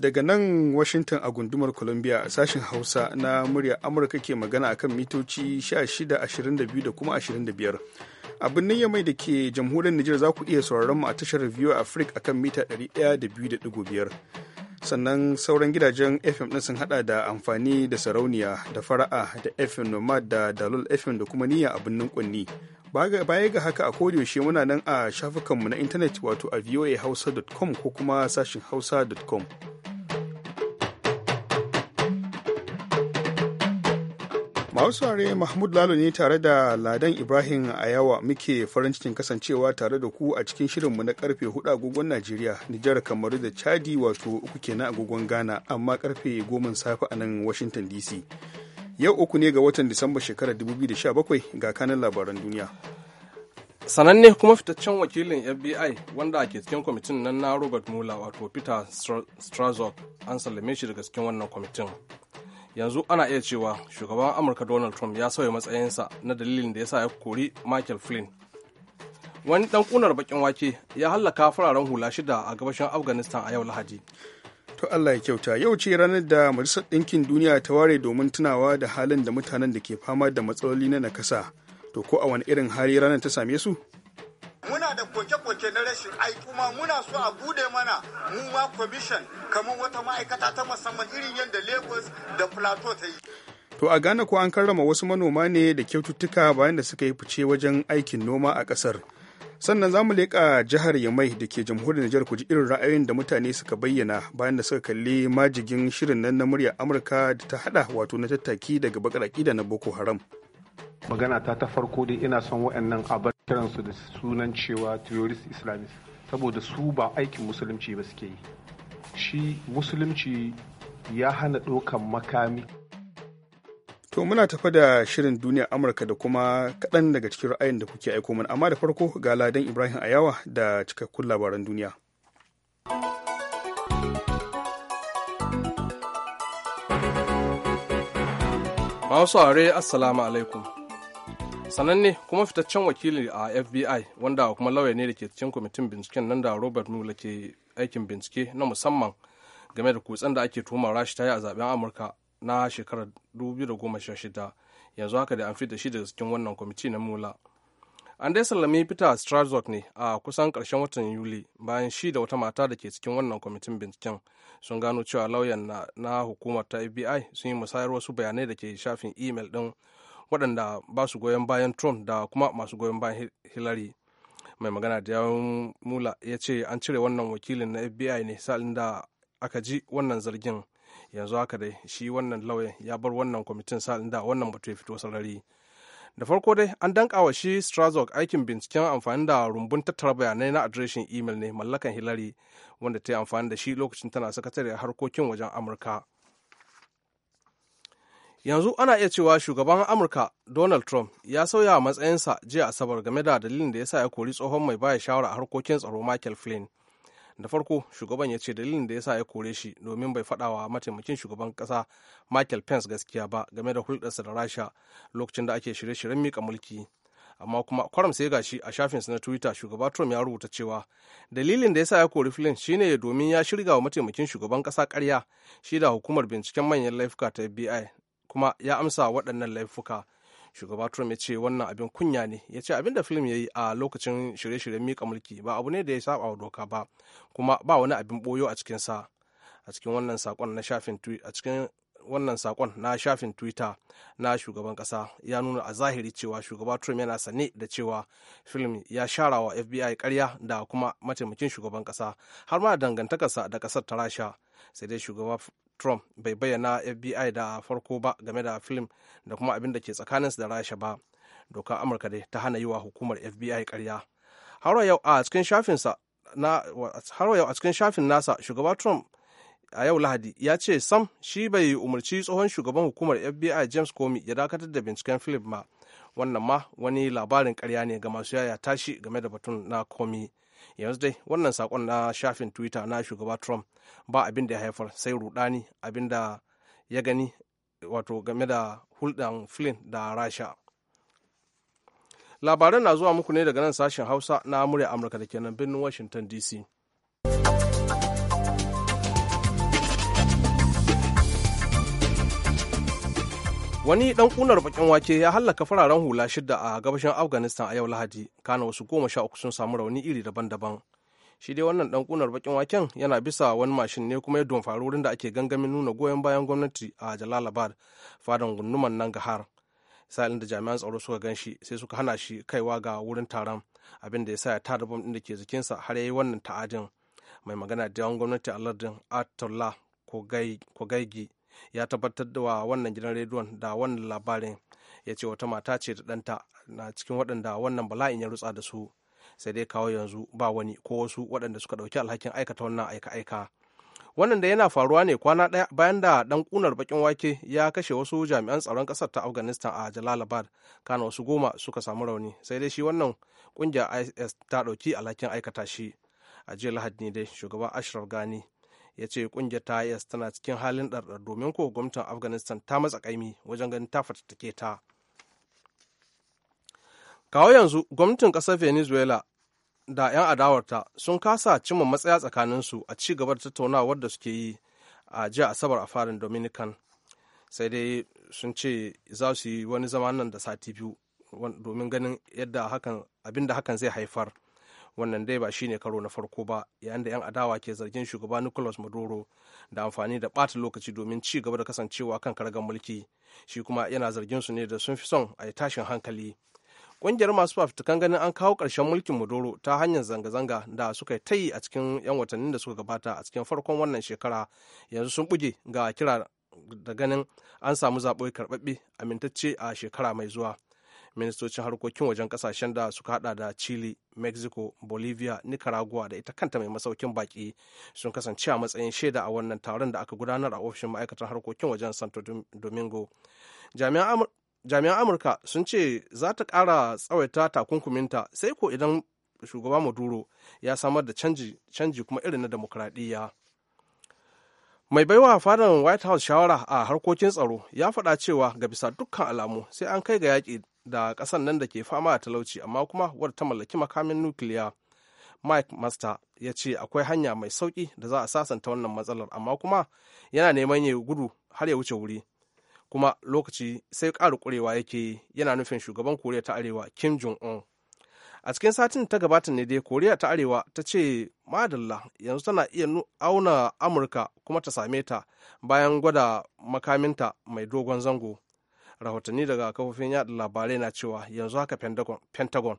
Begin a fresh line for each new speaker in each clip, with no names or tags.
daga nan Washington a gundumar Columbia sashen Hausa na murya Amurka ke magana akan mitoci 16, da kuma 25. abin nan mai da ke jamhuriyar Nijar za ku iya sauraron mu a tashar Viewer Africa akan mita 102.5. Sannan sauran gidajen FM ɗin sun hada da amfani da sarauniya da fara'a da FM Nomad da Dalol FM da kuma niyya abin nan kunni. Baya ga haka a yaushe muna nan a shafukanmu na intanet wato a voahausa.com ko kuma sashin hausa.com. a wasu Mausare Mahmud Lalo ne tare da Ladan Ibrahim Ayawa muke farin cikin kasancewa tare da ku a cikin shirinmu na karfe 4 agogon Najeriya, Nijar Kamaru da Chadi wato uku kenan agogon Ghana amma karfe 10 safe a nan Washington DC. Yau uku ne ga watan Disamba shekarar 2017 ga kanan labaran
duniya. Sananne kuma fitaccen wakilin FBI wanda ke cikin kwamitin nan na Robert Mueller wato Peter Strazog an sallame shi daga cikin wannan kwamitin. yanzu ana iya cewa shugaban amurka donald trump ya sauya matsayinsa na dalilin da ya sa ya kori michael flynn wani dan kunar bakin wake ya hallaka fararen hula shida a gabashin afghanistan a yau lahadi
to allah ya kyauta yau ce ranar da majalisar ɗinkin duniya ta ware domin tunawa da halin da mutanen da ke fama da matsaloli na nakasa to ko a wani irin hali ranar ta same su
rashin ai kuma muna so a bude mana mu ma commission kamar wata ma'aikata ta musamman irin yadda Lagos da Plateau ta
yi. To a gane ko an karrama wasu manoma ne da kyaututtuka bayan da suka yi fice wajen aikin noma a ƙasar. Sannan zamu mu leƙa jihar Yamai da ke jamhuriyar Nijar ku ji irin ra'ayoyin da mutane suka bayyana bayan da suka kalli majigin shirin nan na muryar Amurka da ta haɗa wato na tattaki daga bakaraki da na Boko Haram.
magana ta ta farko dai ina son wa'annan abin kiransu da sunan cewa terrorist islamist saboda su ba
aikin musulunci ba suke yi
shi musulunci ya hana ɗaukan
makami to muna tafa da shirin duniya amurka da kuma kaɗan daga cikin ra'ayin da kuke aiko mana amma da farko ga ladan ibrahim ayawa da cikakkun labaran duniya
Masu are assalamu alaikum sananne kuma fitaccen wakili a fbi wanda kuma lauya ne da ke cikin kwamitin binciken nan da robert mueller ke aikin bincike na musamman game da kutsen da ake tuhumar rashi ta yi a zaben amurka na shekarar 2016 yanzu haka da an fi da shi daga cikin wannan kwamiti na mula an dai sallami peter strasbourg ne a kusan karshen watan yuli bayan shi da wata mata da ke cikin wannan kwamitin binciken sun gano cewa lauyan na, hukumar ta fbi sun yi musayar wasu bayanai da ke shafin imel din waɗanda ba su goyon bayan trump da kuma masu goyon bayan hillary mai magana da yawon mula ya ce an cire wannan wakilin na fbi ne sa'in da aka ji wannan zargin yanzu haka dai shi wannan lauyan ya bar wannan kwamitin sa'in da wannan batu ya fito sarari da farko dai an dankawa shi strasbourg aikin binciken amfani da rumbun tattara bayanai na adireshin imel ne mallakan hillary wanda ta yi amfani da shi lokacin tana sakatare harkokin wajen amurka yanzu ana iya cewa shugaban amurka donald trump ya sauya matsayinsa jiya asabar game da dalilin da ya sa ya kori tsohon mai baya shawara a harkokin tsaro michael flynn da farko shugaban ya ce dalilin da ya sa ya kore shi domin bai faɗawa wa mataimakin shugaban kasa michael pence gaskiya ba game da hulɗarsa da rasha lokacin da ake shirye-shiryen mika mulki amma kuma kwaram sai gashi a shafinsa na twitter shugaba trump ya rubuta cewa dalilin da ya sa ya kori flynn shine domin ya shirga wa mataimakin shugaban kasa karya shi da hukumar binciken manyan laifuka ta fbi kuma ya amsa waɗannan laifuka shugaba trump ya ce wannan abin kunya ne ya ce abin da film ya yi a lokacin shirye-shiryen mika mulki ba abu ne da ya saba wa doka ba kuma ba wani abin boyo a cikinsa a cikin wannan sakon na shafin a cikin wannan sakon na shafin twitter na shugaban ƙasa ya nuna a zahiri cewa shugaba trump yana sane da cewa film ya shara wa fbi karya da kuma mataimakin shugaban ƙasa har ma dangantakarsa da kasar ta rasha sai dai shugaba trump bai bayyana fbi da farko ba game da film da kuma abin da ke sa da rasha ba doka amurka dai ta hana yi wa hukumar fbi karya har yau a cikin shafin nasa shugaba trump a yau lahadi ya ce sam shi bai umarci tsohon shugaban hukumar fbi james comey ya dakatar da binciken film ma wannan ma wani labarin karya ne ga masu yaya tashi game da batun na comey yanzu dai wannan sakon na shafin twitter na shugaba trump ba abin da ya haifar sai rudani abin da ya gani wato game da hulɗan flynn da rasha labaran na zuwa muku ne daga nan sashen hausa na murya amurka da kenan birnin washington dc wani dan kunar bakin wake ya hallaka fararen hula shidda a gabashin afghanistan a yau lahadi kana wasu goma sha uku sun samu rauni iri daban-daban shi dai wannan dan kunar bakin waken yana bisa wani mashin ne kuma ya domfari wurin da ake gangamin nuna goyon bayan gwamnati a jalalabad fadan gunnuman nan gahar sa'ilin da jami'an tsaro suka gan shi sai suka hana shi kaiwa ga wurin taron abin da ya sa ya tada bom din da ke jikinsa har ya yi wannan ta'adin mai magana da yawan gwamnati a lardin atullah kogaigi ya tabbatar da wannan gidan rediyon da wannan labarin ya ce wata mata ce da ɗanta na cikin waɗanda wannan bala'in ya rutsa da su sai dai kawo yanzu ba wani ko wasu waɗanda suka ɗauki alhakin aikata wannan aika-aika wannan da yana faruwa ne kwana ɗaya bayan da ɗan ƙunar baƙin wake ya kashe wasu jami'an tsaron ƙasar ta afghanistan a jalalabad kana wasu goma suka samu rauni sai dai shi wannan ƙungiyar is ta ɗauki alhakin aikata shi a jiya lahadi ne dai shugaba ashraf gani ya ce kungiyar ta tana cikin halin ɗarɗar domin ko gwamnatin afghanistan ta matsa kaimi wajen ganin ta fatattake ta kawo yanzu gwamnatin ƙasar venezuela da 'yan adawarta sun kasa cimma matsaya tsakaninsu a ci gaba da tattaunawar da suke yi a jiya asabar a farin dominican sai dai sun ce za su yi wani zama nan da sati biyu domin ganin yadda hakan abin hakan zai haifar wannan dai ba shine karo na farko ba yayin da 'yan adawa ke zargin shugaba nicolas maduro da amfani da ɓata lokaci domin ci gaba da kasancewa kan karagar mulki shi kuma yana zargin su ne da sun fi son a yi tashin hankali ƙungiyar masu fafutukan ganin an kawo ƙarshen mulkin maduro ta hanyar zanga-zanga da suka ta yi a cikin 'yan watannin da suka gabata a cikin farkon wannan shekara yanzu sun buge ga kira da ganin an samu zaɓe karɓaɓɓe amintacce a shekara mai zuwa ministocin harkokin wajen kasashen da suka hada da chile mexico bolivia nicaragua da ita kanta mai masaukin baki sun kasance a matsayin shaida a wannan taron da aka gudanar a ofishin ma'aikatan harkokin wajen santo domingo jami'an amurka sun ce za ta kara tsawaita takunkuminta sai ko idan shugaba maduro ya samar da canji kuma irin na demokradiyya mai baiwa fadan white house shawara a harkokin tsaro ya faɗa cewa ga bisa dukkan alamu sai an kai ga yaƙi da ƙasar nan da ke fama da talauci amma kuma wadda ta mallaki makamin nukiliya mike master ya ce akwai hanya mai sauƙi da za a sasanta wannan matsalar amma kuma yana neman ya gudu har ya wuce wuri kuma lokaci sai ƙara ƙurewa yake yana nufin shugaban koriya ta arewa kim jong un a cikin satin ta gabata ne dai koriya ta arewa ta ce madalla yanzu tana iya auna amurka kuma ta same ta bayan gwada makaminta mai dogon zango rahotanni daga kafofin yada labarai na cewa yanzu haka pentagon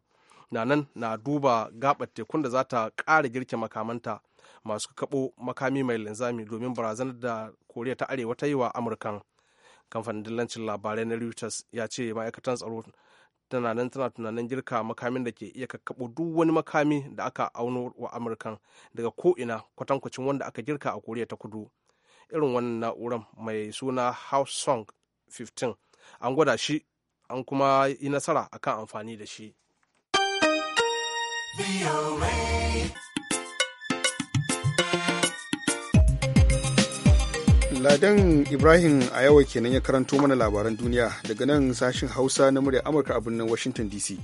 na nan na duba gabar tekun da za ta ƙara girke makamanta masu kabo makami mai linzami domin barazanar da koriya ta arewa ta yi wa amurkan kamfanin dillancin labarai na reuters ya ce ma'aikatan tsaro tana nan tana tunanin girka makamin da ke iya kakkaɓo duk wani makami da aka auno wa amurkan daga ko'ina kwatankwacin wanda aka girka a koriya ta kudu irin wannan na'urar mai suna house song 15 an gwada shi an kuma yi nasara akan amfani da shi
Ladan Ibrahim a yawa kenan ya karanto mana labaran duniya daga nan sashin Hausa na murya Amurka a birnin Washington DC.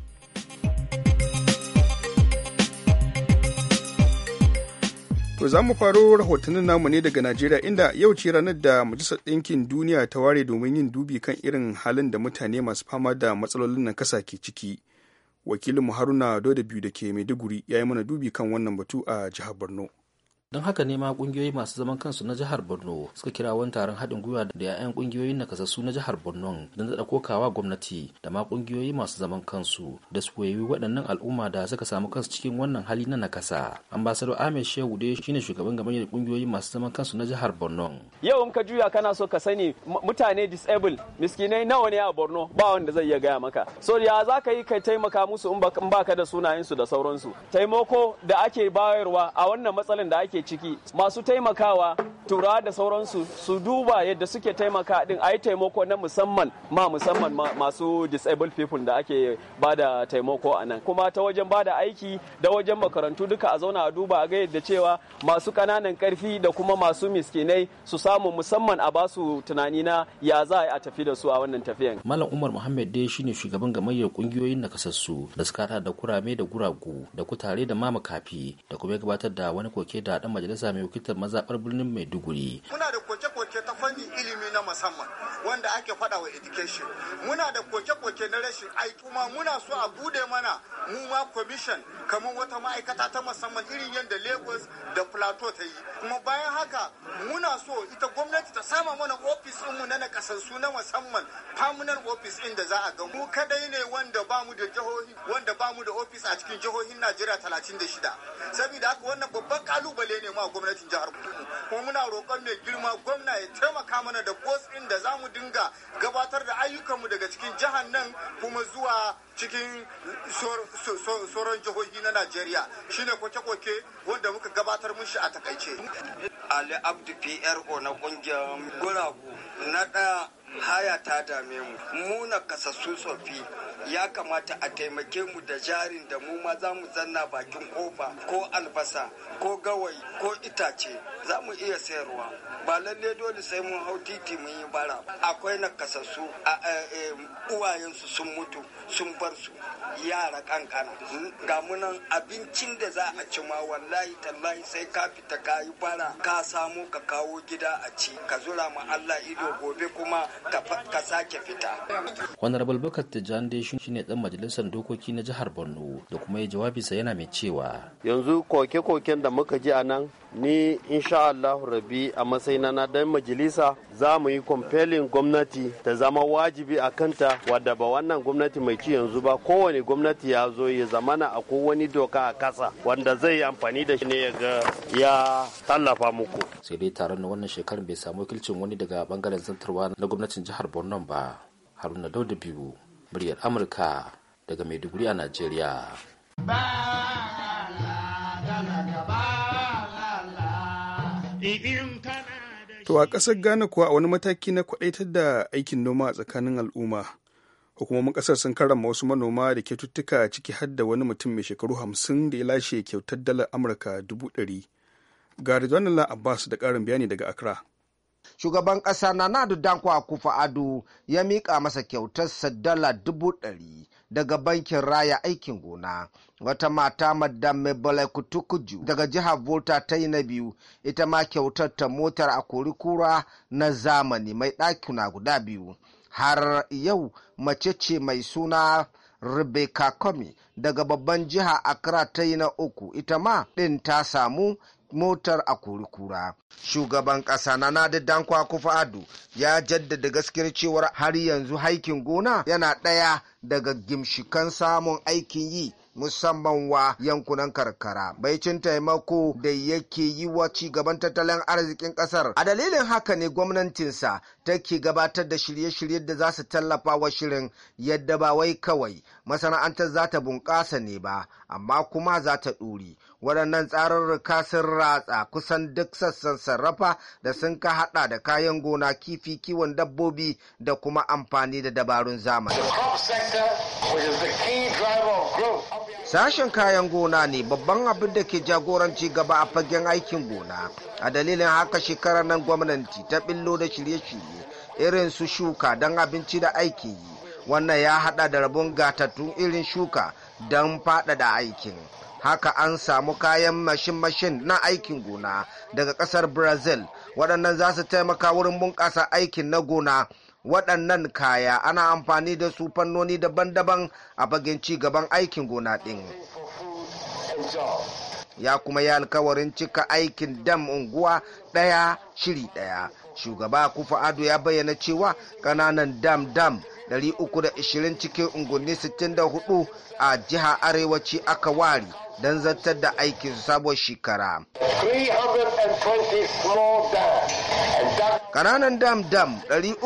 To za mu faro rahotannin namu ne daga Najeriya inda yau ce ranar da Majalisar Ɗinkin Duniya ta ware domin yin dubi kan irin halin da mutane masu fama da matsalolin nan kasa ke ciki. Wakilin Haruna Dodo biyu da ke Maiduguri ya yi mana dubi kan wannan batu a jihar Borno.
don haka ne ma kungiyoyi masu zaman kansu na jihar borno suka kira wani taron haɗin gwiwa da 'ya'yan kungiyoyin nakasassu na jihar borno don zaɗa kokawa gwamnati da ma kungiyoyi masu zaman kansu da su koyi waɗannan al'umma da suka samu kansu cikin wannan hali na nakasa ambassador ahmed shehu dai shine shugaban gamayyar kungiyoyi masu zaman kansu na jihar borno
yau in ka juya kana so ka sani mutane disable miskinai nawa ne a borno ba wanda zai iya gaya maka so ya za ka yi ka taimaka musu in baka da sunayensu da sauransu taimako da ake bayarwa a wannan matsalan da ake ake ciki masu taimakawa tura da sauransu su duba yadda suke taimaka din a yi taimako na musamman ma musamman masu disabled people da ake ba da taimako a nan kuma ta wajen ba da aiki da wajen makarantu duka a zauna a duba a ga yadda cewa masu kananan karfi da kuma masu miskinai su samu musamman a basu tunani na ya za a tafi da su a wannan tafiyan
malam umar muhammad dai shine shugaban gamayyar kungiyoyin nakasassu da suka da kurame da guragu da kutare da mamakafi da kuma gabatar da wani koke da dan majalisa mai wakiltar mazabar birnin Maiduguri.
Muna da koke-koke ta fannin ilimi na musamman wanda ake fada wa education. Muna da koke-koke na rashin aiki kuma muna so a bude mana mu ma commission kamar wata ma'aikata ta musamman irin yadda Lagos da Plateau ta yi. Kuma bayan haka muna so ita gwamnati ta sama mana ofis mu na nakasassu na musamman permanent ofis din da za a ga mu kadai ne wanda ba mu da jihohi wanda ba mu da ofis a cikin jihohin Najeriya 36. Saboda haka wannan babban kalubale ne ma gwamnatin jihar Kudu kuma muna roƙon mai girma gwamna ya taimaka mana da bos ɗin da za mu dinga gabatar da ayyukanmu daga cikin jihar nan kuma zuwa cikin sauran jihohi na Najeriya shine koke-koke wanda muka gabatar mun shi a takaice. Ali Abdu PRO na kungiyar gurabu na ɗaya haya ta dame mu. Mu na kasassu sofi ya kamata a taimake mu da jarin da mu ma za mu zanna bakin kofa ko albasa ko gawayi ko itace za mu iya sayarwa ba lalle dole sai mun hau titi mun yi bara akwai nakasassu a e, uwayensu sun mutu sun bar su yara kankana ga munan abincin da za a ci ma wallahi tallahi sai ka fita ka yi bara ka samu ka kawo gida a ci ka zura ma Allah ido gobe kuma ka sake fita
honorable bukar tijjani shine dan majalisar dokoki na jihar Borno da kuma ya jawabinsa yana mai cewa
yanzu koke-koken da muka ji a nan ni insha Allah rabi a matsayina na dan majalisa za mu yi compelling
gwamnati ta zama wajibi a kanta wadda ba wannan gwamnati mai ci yanzu ba kowane gwamnati ya zo ya zamana a wani doka a kasa wanda zai yi amfani da shi ne ya ga ya
tallafa muku
sai dai taron na wannan shekarar bai samu wakilcin wani daga bangaren zantarwa na gwamnatin jihar Borno ba Haruna Dauda biyu muryar amurka daga maiduguri a
najeriya To a ƙasar Ghana kuwa a wani mataki na kwaɗaitar da aikin noma a tsakanin al'umma. Hukumomin ƙasar sun karama wasu manoma da kyaututtuka ciki har da wani mutum mai shekaru hamsin da ya lashe kyautar dalar Amurka dubu ɗari.
Ga rizwanin Abbas da ƙarin bayani daga Accra. shugaban ƙasa na da danko akufa ado ya miƙa masa kyautar dala dubu ɗari daga bankin raya aikin gona wata mata madam mebala kutukuju daga jihar volta ta yi na biyu ita ma kyautar ta motar a kura na zamani mai ɗakuna guda biyu har yau mace ce mai suna Rebecca Comey daga babban jiha Accra ta yi na uku ita ma ɗin ta samu motar a kurikura shugaban ƙasa na nadi dankwa kufa ado ya jaddada gaskiyar cewar har yanzu haikin gona yana ɗaya daga gimshikan samun aikin yi musamman wa yankunan karkara baicin taimako da yake yi wa gaban tattalin arzikin ƙasar. a dalilin haka ne gwamnatinsa take gabatar da shirye shiryen da za su tallafa wa shirin yadda ba wai kawai masana'antar za ta bunƙasa ne ba amma kuma za ta ɗuri waɗannan tsarurruka sun ratsa kusan duk sassan sarrafa da sun ka haɗa da kayan gona kifi kiwon dabbobi da kuma amfani da dabarun zamani. sashen kayan gona ne babban abin da ke jagoranci gaba a fagen aikin gona a dalilin haka shekarar nan gwamnati ta billo da shirye-shirye irin su shuka don abinci da aikin yi wannan ya hada da rabon gatattun irin shuka don faɗaɗa aikin haka an samu kayan mashin-mashin na aikin gona daga ƙasar brazil waɗannan za su taimaka wurin bunƙasa aikin na gona waɗannan kaya ana amfani da su fannoni daban-daban a fagen ci gaban aikin gona ɗin ya kuma yi alkawarin cika aikin dam unguwa ɗaya shiri ɗaya shugaba kufa ado ya bayyana cewa ƙananan dam dam 320 cikin unguwanni 64 a jiha arewaci aka wari don zartar da aikin sabon shekara. kananan dam dam 320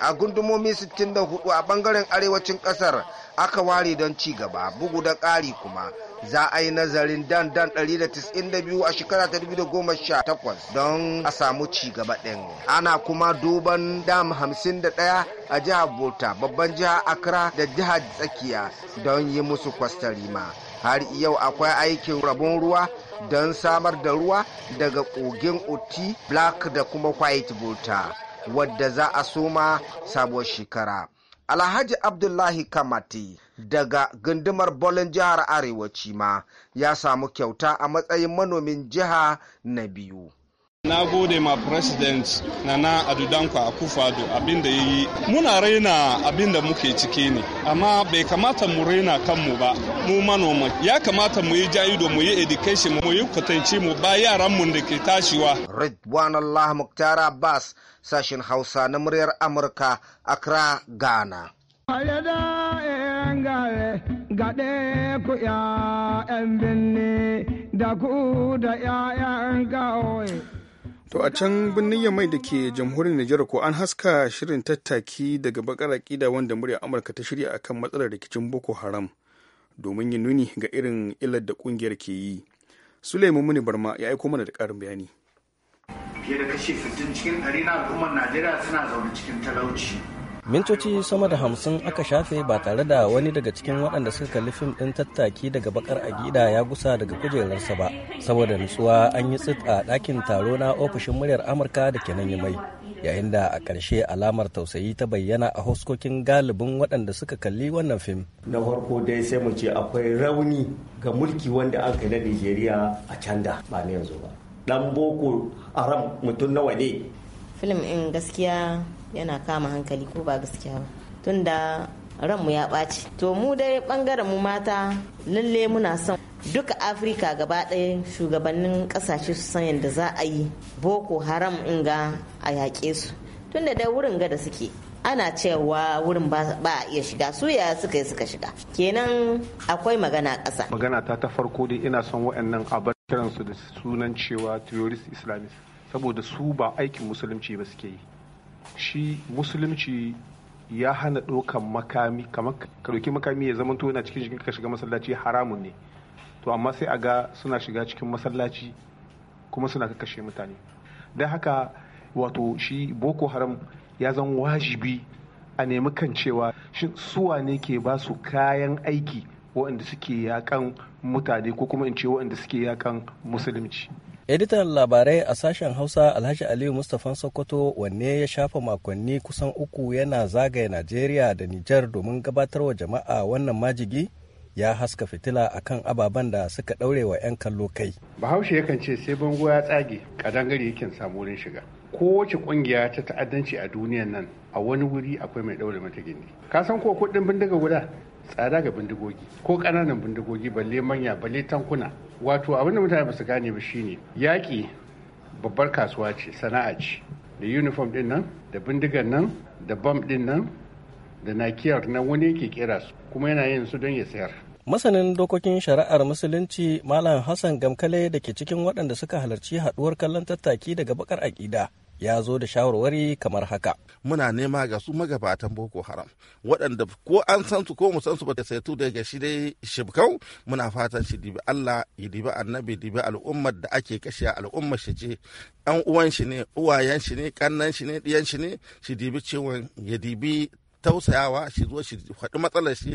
a gundumomi 64 a bangaren arewacin kasar aka ware don ci gaba bugu da ƙari kuma za a yi nazarin dan dan 192 a shekara ta 2018 don a samu ci gaba ɗin ana kuma duban dam 51 a jihar bota babban jihar accra da jihar tsakiya don yi musu kwastarima har yau akwai aikin rabon ruwa don samar da ruwa daga kogin oti black da kuma white volta wadda za a soma sabuwar shekara alhaji abdullahi kamati daga gundumar bolin jihar arewaci ma ya samu kyauta a matsayin manomin jiha na biyu Na gode ma President na Adudankwa Akufado
abin da ya yi. Muna raina abin muke cike ne, amma bai kamata mu raina
kanmu ba, mu manoma. Ya kamata mu yi jayido mu yi education mu yi kwatanci mu ba mu da ke tashiwa. Ridwan Allah Muktar Abbas, sashen Hausa na muryar Amurka, Accra, Ghana. ‘ya'yan da ku da ‘ya'yan ƙauye.
To a can birnin mai da ke jamhuriyar Nijar ko an haska shirin tattaki daga bakar aƙida wanda muryar Amurka ta shirya akan matsalar rikicin Boko Haram domin yin nuni ga irin illar da kungiyar ke yi. Suleiman Muni Barma ya aiko mana da ƙarin bayani.
Fiye da kashe 60 cikin ɗari na al'ummar Najeriya suna zaune cikin
talauci.
mintoci sama da hamsin aka shafe ba tare da wani daga cikin waɗanda suka kalli fim ɗin tattaki daga bakar agida ya gusa daga kujerarsa ba saboda nutsuwa an yi tsit a ɗakin taro na ofishin muryar amurka da ke nan mai yayin da a ƙarshe alamar tausayi ta bayyana a huskokin galibin waɗanda suka kalli wannan fim na farko
dai
sai mu ce akwai rauni ga mulki wanda an kai
na nigeria a can da ba na yanzu
ba dan boko haram mutum nawa ne
film in gaskiya yana kama hankali ko ba gaskiya ba tunda ranmu ya ɓaci to mu dai ɓangaren mu mata lalle muna son duka afirka gaba ɗaya shugabannin ƙasashe su san yadda za a yi boko haram ga a yaƙe su tunda da wurin ga da suke ana cewa wurin ba a iya shiga su yaya suka yi suka shiga kenan akwai magana ƙasa
magana ta ta farko dai ina son waɗannan abar kiransu da sunan cewa terrorist islamist saboda su ba aikin musulunci ba suke yi shi musulunci ya hana ɗaukan makami kamar ka makami ya zama yana cikin jikin ka shiga masallaci haramun ne to amma sai a ga suna shiga cikin masallaci kuma suna kashe mutane don haka wato shi boko haram ya zan wajibi a nemi kan cewa suwa ne ke ba su kayan aiki waɗanda suke yakan mutane ko kuma in ce waɗanda suke yakan musulunci
editan labarai a sashen hausa alhaji aliyu mustapha sokoto wanne ya shafa makonni kusan uku yana zagaya najeriya da nijar domin gabatar wa jama'a wannan majigi ya haska fitila akan ababen da suka daure wa 'yan kallo kai
bahaushe yakan ce sai bango ya tsage kadangare yakin samu wurin shiga kowace kungiya ta ta'addanci a duniyan nan a wani wuri akwai mai daure mata gini. ka san ko kuɗin bindiga guda tsada ga bindigogi ko ƙananan bindigogi balle manya balle tankuna wato abin da mutane ba su gane ba shine yaƙi babbar kasuwa ce sana'a ce da uniform din nan da bindigan nan da bam din nan da nakiyar na wani yake kera su kuma yana yin su don ya sayar
masanin dokokin shari'ar musulunci malam hassan gamkale da ke cikin waɗanda suka halarci haɗuwar kallon tattaki daga bakar aƙida ya zo da shawarwari kamar haka. Muna
nema ga su magabatan Boko Haram waɗanda ko an san su ko musan su ba sai tu daga shi dai shibkau muna fatan shi dibi Allah ya dibi annabi dibi al'ummar da ake kashe al'ummar shi ce ɗan uwan shi ne uwayen shi ne kannan shi ne ɗiyan shi ne shi dibi ciwon ya dibi tausayawa shi zo shi faɗi matsalar shi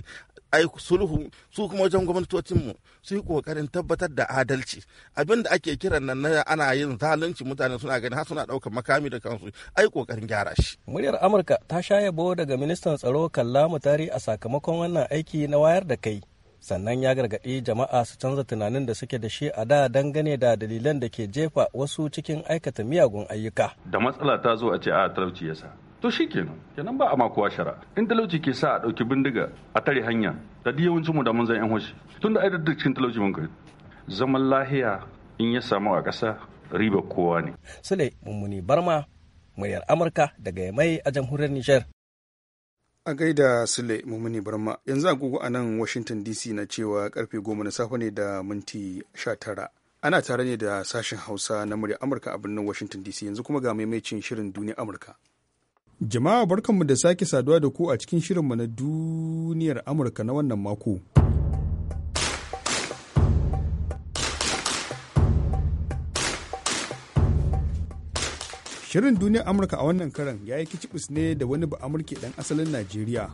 ai sulhu su kuma wajen gwamnatocinmu su yi ƙoƙarin tabbatar da adalci abin da ake kiran nan ana yin zalunci mutane suna gani har suna ɗaukar makami da kansu ai ƙoƙarin gyara shi.
muryar amurka ta sha yabo daga ministan tsaro kalla mutari a sakamakon wannan aiki na wayar da kai sannan ya gargaɗi jama'a su canza tunanin da suke da shi a da dangane da dalilan da ke jefa wasu cikin aikata miyagun ayyuka.
da matsala ta zo a ce a talauci yasa to shi kenan kenan ba a makuwa shara in talauci ke sa a ɗauki bindiga a tare hanya da duk yawancin mu da mun zan yan hoshi tunda ai duk cikin talauci mun kai zaman lahiya in ya samu a ƙasa riba kowa ne
sule mummuni barma muryar amurka daga mai a jamhuriyar niger
a gaida sule mummuni barma yanzu agogo a nan washington dc na cewa karfe goma na safe ne da minti sha tara ana tare ne da sashen hausa na murya amurka a birnin washington dc yanzu kuma ga maimacin shirin duniya amurka Jama'a barkanmu da sake saduwa da ku a cikin shirinmu na duniyar Amurka na wannan mako. Shirin duniyar Amurka a wannan karan ya yi kicibis ne da wani ba ɗan asalin Najeriya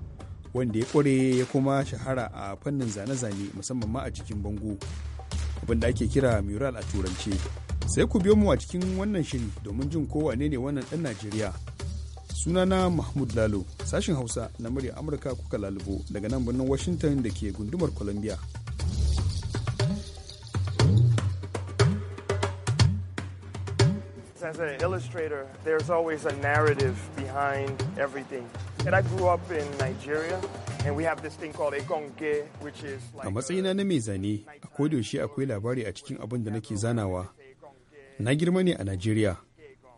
wanda ya kware ya kuma shahara a fannin zane-zane musamman ma a cikin bango. abinda ake kira mural a turance. Sai ku biyo mu a cikin wannan shiri domin jin kowane ne wannan ɗan Najeriya. sunana mahmud lalo sashin hausa na murya amurka kuka lalubo daga nan birnin washington da ke gundumar columbia
As an illustrator, there's always a narrative behind everything. And I grew up in Nigeria, and we have this thing called Ekonge, which is
like. A matsayina na mai zane, a kodayaushe akwai labari a cikin abin da nake zanawa. Na girma ne a Najeriya,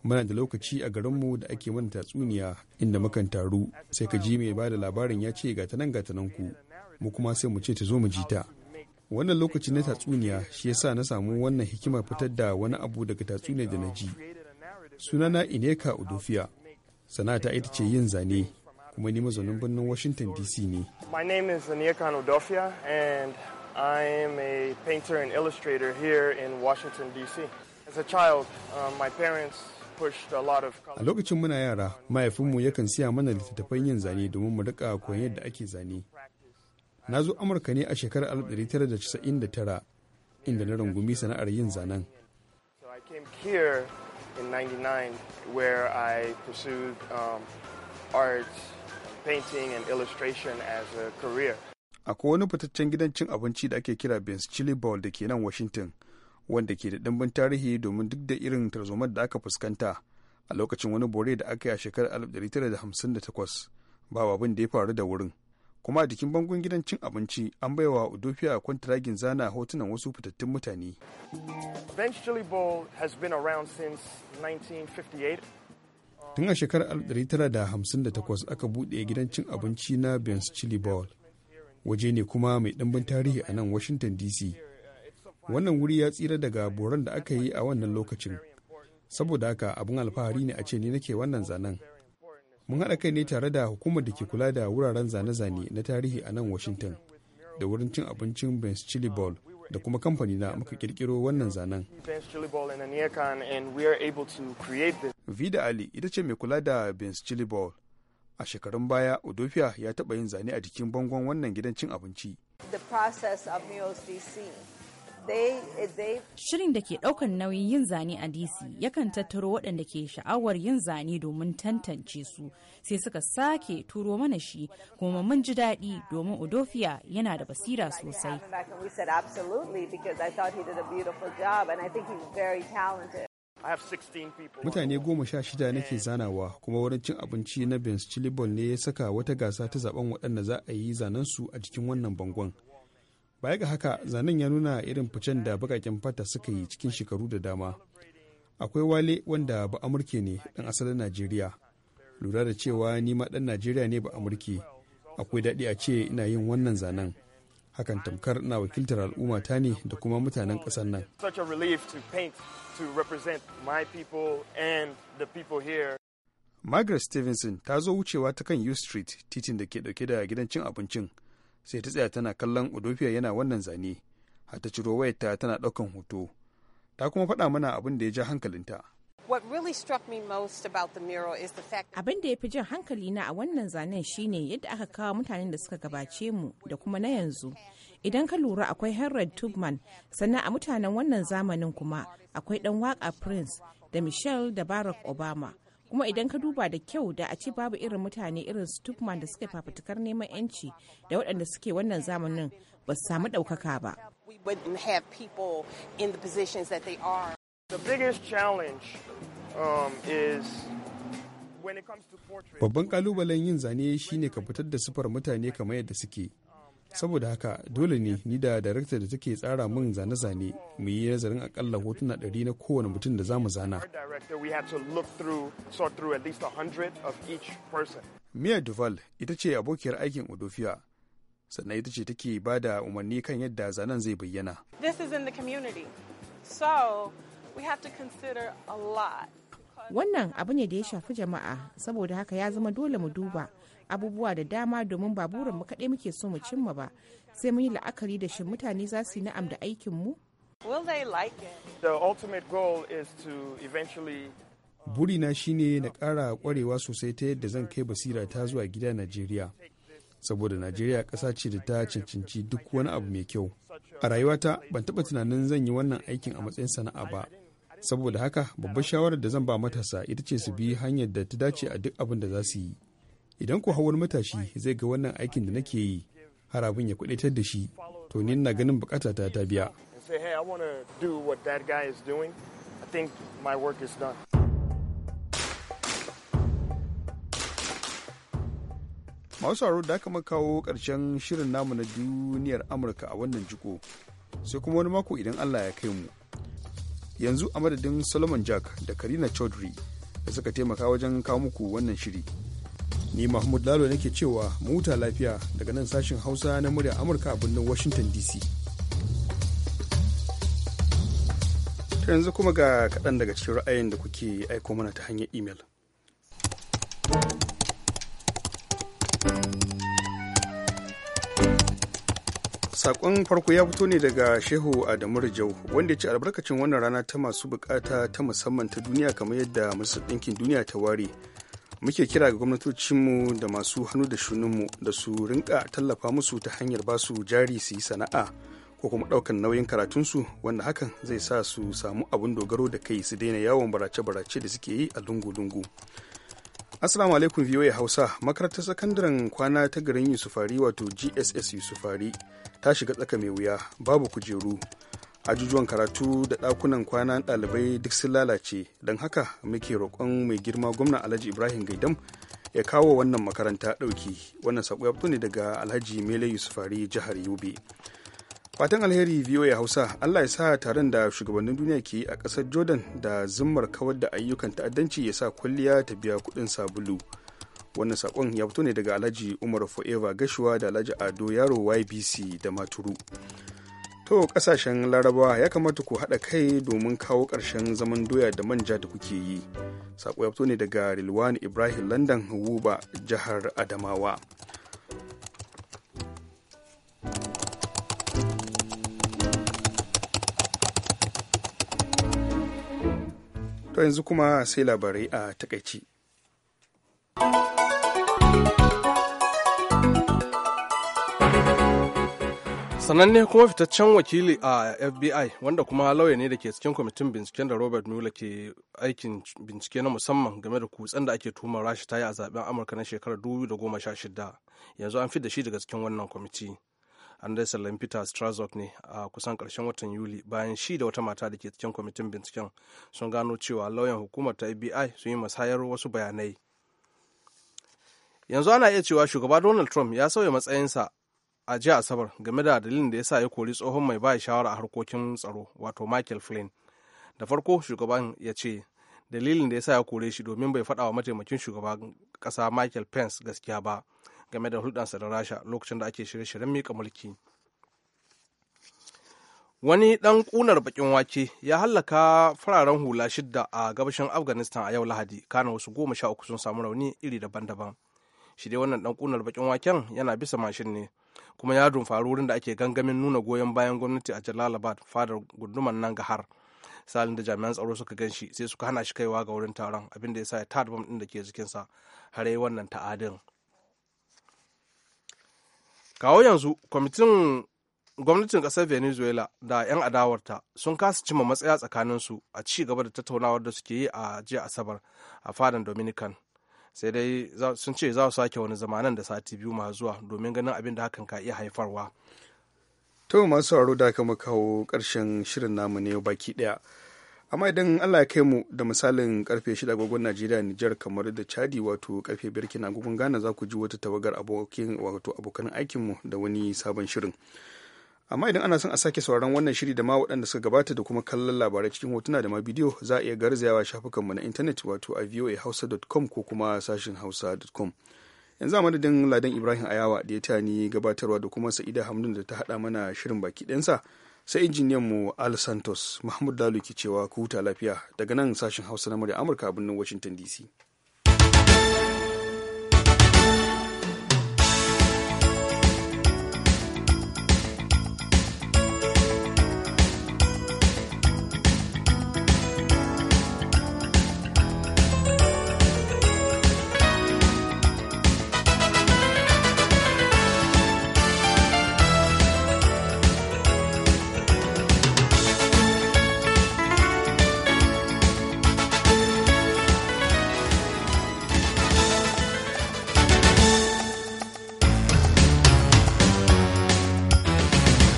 muna da lokaci a garinmu da ake mana tatsuniya inda mukan taru sai ka ji mai bada labarin ya ce gatanan gatanan ku mu kuma sai mu ce ta zo mu ji ta wannan lokaci na tatsuniya shi yasa na samu wannan hikimar fitar da wani abu daga tatsuniya da na ji sunana ineka udofiya sana'ata ita ce yin zane kuma ni mazaunin birnin washington dc ne
my name is ineka udofia and i am a painter and illustrator here in washington dc as a child uh, my parents A
lokacin muna yara, mahaifinmu yakan siya mana littattafan yin zane domin mu rika koyon yadda ake zane. Na zo Amurka ne a shekarar 1999 inda na rungumi sana'ar yin zanen. Akwai wani fitaccen gidan cin abinci da ake kira Ben's Chili Ball da ke nan Washington. wanda ke da ɗimbin tarihi domin duk da irin tarzomar da aka fuskanta a lokacin wani bore da aka yi a shekarar 1958 ba abin da ya faru da wurin kuma a jikin bangon gidan cin abinci an baiwa udofia kwantiragin zana hotunan wasu fitattun mutane tun a shekarar 1958 aka buɗe gidan cin abinci na bens chili ball waje ne kuma mai ɗimbin tarihi a nan washington dc wannan wuri ya tsira daga boran da aka yi a wannan lokacin saboda haka abin alfahari ne a ce ni nake wannan zanen mun haɗa kai ne tare da hukumar da ke kula da wuraren zane-zane na tarihi a nan washington da wurin cin abincin ben's chili ball da kuma kamfani na muka kirkiro wannan zanen vida ali ita ce mai kula da ben's chili ball a shekarun baya odofia ya taɓa yin zane a jikin bangon wannan gidan cin abinci
the process of
Eh,
Shirin da ke
ɗaukan nauyin yin
zane a DC yakan tattaro waɗanda ke sha'awar yin zane domin tantance su sai suka sake turo mana shi kuma mun ji daɗi domin Odofia yana da basira
sosai. Mutane
goma sha shida nake zanawa kuma wurin abinci na Vince Chilibol ne ya saka wata gasa ta zaben waɗanda za a yi zanensu a jikin wannan bangon. baya ga haka zanen ya nuna irin ficen da bakakin fata suka yi cikin shekaru da dama akwai wale wanda ba amurke ne dan asalin najeriya lura da cewa ni ma dan najeriya ne ba amurke akwai daɗi a ce ina yin wannan zanen hakan tamkar na wakiltar al'umma ne da kuma mutanen ƙasar nan margaret stevenson ta zo wucewa ta kan u street titin da ke dauke da gidan cin abincin sai ta tsaya tana kallon odofia yana wannan zane har ta ciro wayarta tana ɗaukan hoto ta kuma faɗa mana abin da ya ja hankalinta
Abin da ya fi jin hankali na a wannan zanen shine yadda aka kawo mutanen da suka gabace mu da kuma na yanzu. Idan ka lura akwai Harold Tubman, sannan a mutanen wannan zamanin kuma akwai ɗan waka Prince da Michelle da Barack Obama. kuma idan ka duba da kyau da a ce babu irin mutane irin stukman da suka fafutukar neman yanci da waɗanda suke wannan zamanin ba su
samu ɗaukaka ba um, babban kalubalen yin zane shine ka fitar da siffar mutane kamar yadda suke saboda haka dole ne ni da darakta da take tsara mun zane-zane mu yi nazarin akalla hotuna ɗari na kowane mutum da za mu zana mia duval ita ce abokiyar aikin odofia sannan ita ce take ba umarni kan yadda zanen zai bayyana
this is in the community so we have to consider a lot
wannan abu ne da ya shafi jama'a saboda haka ya zama dole
mu duba abubuwa da dama domin baburan mu kaɗai muke so mu cimma ba sai mun yi la'akari da shin mutane za su yi na'am da aikin mu
burina shine na ƙara kwarewa sosai ta yadda zan kai basira ta zuwa gida najeriya saboda najeriya ƙasa ce da ta cancanci duk wani abu mai kyau a rayuwata ban taɓa tunanin zan yi wannan aikin a matsayin sana'a ba saboda haka babban shawarar da zan ba matasa ita ce su bi hanyar da ta dace a duk abin da za su yi idan ku hawar matashi zai ga wannan aikin da nake yi har abin ya kudaitar da shi to ni na ganin bukata ta ta biya masu sauraro da aka kawo ƙarshen shirin namu na duniyar amurka a wannan jiko sai kuma wani mako idan allah ya kai mu yanzu a madadin solomon jack da karina chaudhry da suka taimaka wajen kawo muku wannan shiri ni mahmud lalo nake cewa muta lafiya daga nan sashen hausa na murya amurka a birnin washington dc ta yanzu kuma ga kaɗan daga cikin ra'ayin da kuke aiko mana ta hanyar imel. sakon farko ya fito ne daga shehu adamu rijau wanda ya ce albarkacin wannan rana ta masu bukata ta musamman ta duniya kamar yadda masu ɗinkin duniya ta ware muke kira ga gwamnatocinmu da masu hannu da shununmu da su rinka tallafa musu ta hanyar ba su jari su yi sana'a ko kuma ɗaukan nauyin karatunsu wanda hakan zai sa su samu abin dogaro da kai su daina yawon barace-barace da suke yi a lungu-lungu. Assalamu alaikum VOA Hausa, makarantar sakandaren kwana ta garin Yusufari wato GSS Yusufari ta shiga tsaka mai wuya babu kujeru. Ajujuwan karatu da ɗakunan kwana ɗalibai duk sun lalace don haka muke roƙon mai girma gwamnan Alhaji Ibrahim Gaidam ya kawo wannan makaranta ɗauki. Wannan saƙo ya ne daga Alhaji Mele Yusufari jihar Yobe. fatan alheri ya hausa allah ya sa taron da shugabannin duniya ke yi a ƙasar jordan da zimmar kawar da ayyukan ta'addanci ya sa kwalliya ta biya kuɗin sabulu wannan sakon ya fito ne daga alhaji umar forever gashuwa da alhaji ado yaro ybc da maturu to kasashen larabawa ya kamata ku haɗa kai domin kawo ƙarshen zaman doya da manja da kuke yi sako ya fito ne daga rilwan ibrahim london wuba jihar adamawa to yanzu kuma sai labarai a takaici
sananne kuma fitaccen wakili a fbi wanda kuma lauya ne da ke cikin kwamitin binciken da robert mueller ke aikin bincike na musamman game da kutsen da ake tuhumar rashi ta yi a zaben amurka na shekarar 2016 yanzu an fi da shi daga cikin wannan kwamiti an dai sallan peter strazok ne a kusan karshen watan yuli bayan shi da wata mata da ke cikin kwamitin binciken sun gano cewa lauyan hukumar ta fbi sun yi masayar wasu bayanai yanzu ana iya cewa shugaba donald trump ya sauya matsayinsa a jiya asabar game da dalilin da ya sa ya kori tsohon mai ba shawara a harkokin tsaro wato michael flynn da farko shugaban ya ce dalilin da ya sa ya kore shi domin bai faɗa wa mataimakin shugaban ƙasa michael pence gaskiya ba game da hulɗarsa da rasha lokacin da ake shirye-shiryen miƙa mulki wani ɗan ƙunar baƙin wake ya hallaka fararen hula shidda a gabashin afghanistan a yau lahadi kana wasu goma sha uku sun samu rauni iri daban-daban shi dai wannan ɗan ƙunar baƙin waken yana bisa mashin ne kuma ya faru wurin da ake gangamin nuna goyon bayan gwamnati a jalalabad fadar gunduman nan gahar salin da jami'an tsaro suka gan shi sai suka hana shi kaiwa ga wurin taron abinda ya sa ya tad bam ɗin da ke jikinsa har yi wannan ta'adin kawo yanzu kwamitin gwamnatin ƙasar venezuela da 'yan adawarta sun kasa cimma matsaya tsakaninsu a ci gaba da tattaunawar da suke yi a jiya asabar a fadan dominican sai dai sun ce za su sake wani zamanan da sati biyu ma zuwa domin ganin abin da hakan ka iya haifarwa
to masu da aka kawo ƙarshen shirin namu ne baki ɗaya amma idan allah ya kai mu da misalin karfe shida agogon najeriya nijar kamar da chadi wato karfe biyar kina agogon ghana za ku ji wata tawagar abokin wato abokan aikinmu da wani sabon shirin amma idan ana son a sake sauraron wannan shiri da ma waɗanda suka gabata da kuma kallon labarai cikin hotuna da ma bidiyo za a iya garzayawa mu na intanet wato a voahausa.com ko kuma sashin hausa.com yanzu a madadin ladan ibrahim ayawa da ya tani gabatarwa da kuma sa'ida hamdun da ta haɗa mana shirin baki ɗansa sai injiniyan mu al santos mahmud dalu ke cewa ku huta lafiya daga nan sashen hausa na murya amurka a birnin washington dc